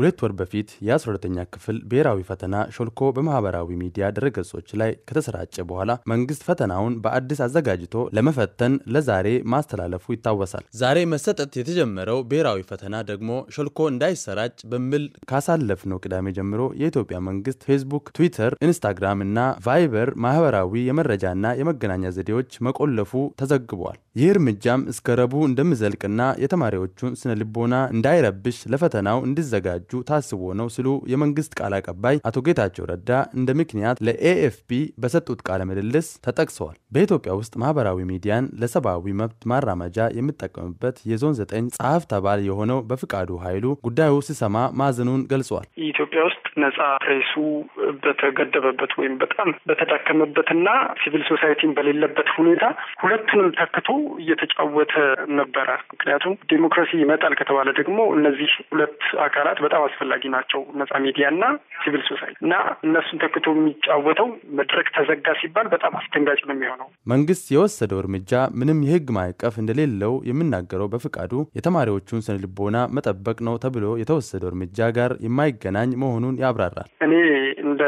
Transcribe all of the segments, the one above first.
ሁለት ወር በፊት የ12ተኛ ክፍል ብሔራዊ ፈተና ሾልኮ በማህበራዊ ሚዲያ ድረገጾች ላይ ከተሰራጨ በኋላ መንግስት ፈተናውን በአዲስ አዘጋጅቶ ለመፈተን ለዛሬ ማስተላለፉ ይታወሳል። ዛሬ መሰጠት የተጀመረው ብሔራዊ ፈተና ደግሞ ሾልኮ እንዳይሰራጭ በሚል ካሳለፍነው ቅዳሜ ጀምሮ የኢትዮጵያ መንግስት ፌስቡክ፣ ትዊተር፣ ኢንስታግራም እና ቫይበር ማህበራዊ የመረጃና የመገናኛ ዘዴዎች መቆለፉ ተዘግቧል። ይህ እርምጃም እስከ ረቡዕ እንደሚዘልቅና የተማሪዎቹን ስነ ልቦና እንዳይረብሽ ለፈተናው እንዲዘጋጅ እንዲዘጋጁ ታስቦ ነው ሲሉ የመንግስት ቃል አቀባይ አቶ ጌታቸው ረዳ እንደ ምክንያት ለኤኤፍፒ በሰጡት ቃለ ምልልስ ተጠቅሰዋል። በኢትዮጵያ ውስጥ ማህበራዊ ሚዲያን ለሰብአዊ መብት ማራመጃ የሚጠቀምበት የዞን ዘጠኝ ጸሐፍ ተባል የሆነው በፍቃዱ ኃይሉ ጉዳዩ ሲሰማ ማዘኑን ገልጿል። ኢትዮጵያ ውስጥ ነጻ ፕሬሱ በተገደበበት ወይም በጣም በተዳከመበትና ሲቪል ሶሳይቲን በሌለበት ሁኔታ ሁለቱንም ተክቶ እየተጫወተ ነበረ። ምክንያቱም ዴሞክራሲ ይመጣል ከተባለ ደግሞ እነዚህ ሁለት አካላት በጣም አስፈላጊ ናቸው፣ ነጻ ሚዲያና ሲቪል ሶሳይቲ እና እነሱን ተክቶ የሚጫወተው መድረክ ተዘጋ ሲባል በጣም አስደንጋጭ ነው የሚሆነው። መንግስት የወሰደው እርምጃ ምንም የህግ ማዕቀፍ እንደሌለው የምናገረው በፍቃዱ የተማሪዎቹን ስነልቦና መጠበቅ ነው ተብሎ የተወሰደው እርምጃ ጋር የማይገናኝ መሆኑን ያብራራል። እኔ እንደ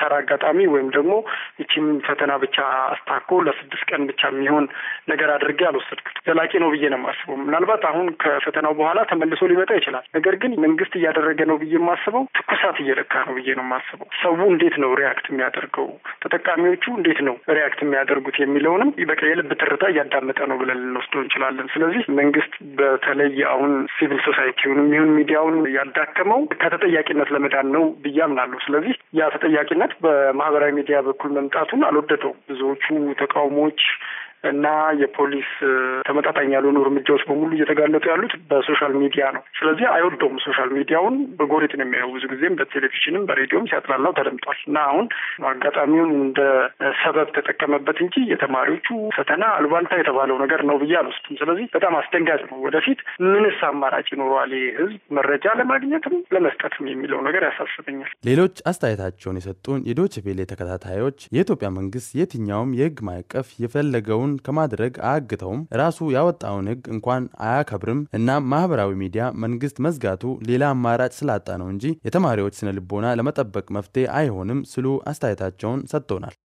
ተራ አጋጣሚ ወይም ደግሞ ይቺም ፈተና ብቻ አስታኮ ለስድስት ቀን ብቻ የሚሆን ነገር አድርጌ አልወሰድኩት። ዘላቂ ነው ብዬ ነው የማስበው። ምናልባት አሁን ከፈተናው በኋላ ተመልሶ ሊመጣ ይችላል። ነገር ግን መንግስት እያደረገ ነው ብዬ የማስበው ትኩሳት እየለካ ነው ብዬ ነው የማስበው። ሰው እንዴት ነው ሪያክት የሚያደርገው፣ ተጠቃሚዎቹ እንዴት ነው ሪያክት የሚያደርጉት የሚለውንም በቃ የልብ ትርታ እያዳመጠ ነው ብለን ልንወስደው እንችላለን። ስለዚህ መንግስት በተለይ አሁን ሲቪል ሶሳይቲውንም ይሁን ሚዲያውን ያዳከመው ከተጠያቂነት ለመዳን ነው ብዬ አምናለሁ። ስለዚህ ያ ተጠያቂነት በማህበራዊ ሚዲያ በኩል መምጣቱን አልወደደው ብዙዎቹ ተቃውሞዎች እና የፖሊስ ተመጣጣኝ ያልሆኑ እርምጃዎች በሙሉ እየተጋለጡ ያሉት በሶሻል ሚዲያ ነው። ስለዚህ አይወደውም። ሶሻል ሚዲያውን በጎሪት ነው የሚያየው። ብዙ ጊዜም በቴሌቪዥንም በሬዲዮም ሲያጥላላው ተደምጧል። እና አሁን አጋጣሚውን እንደ ሰበብ ተጠቀመበት እንጂ የተማሪዎቹ ፈተና አልባልታ የተባለው ነገር ነው ብዬ አልወስድም። ስለዚህ በጣም አስደንጋጭ ነው። ወደፊት ምንስ አማራጭ ይኖረዋል? ይህ ህዝብ መረጃ ለማግኘትም ለመስጠትም የሚለው ነገር ያሳስበኛል። ሌሎች አስተያየታቸውን የሰጡን የዶችቬሌ ተከታታዮች የኢትዮጵያ መንግስት የትኛውም የህግ ማዕቀፍ የፈለገውን ከማድረግ አያግተውም፣ ራሱ ያወጣውን ህግ እንኳን አያከብርም። እናም ማህበራዊ ሚዲያ መንግስት መዝጋቱ ሌላ አማራጭ ስላጣ ነው እንጂ የተማሪዎች ስነ ልቦና ለመጠበቅ መፍትሄ አይሆንም ስሉ አስተያየታቸውን ሰጥቶናል።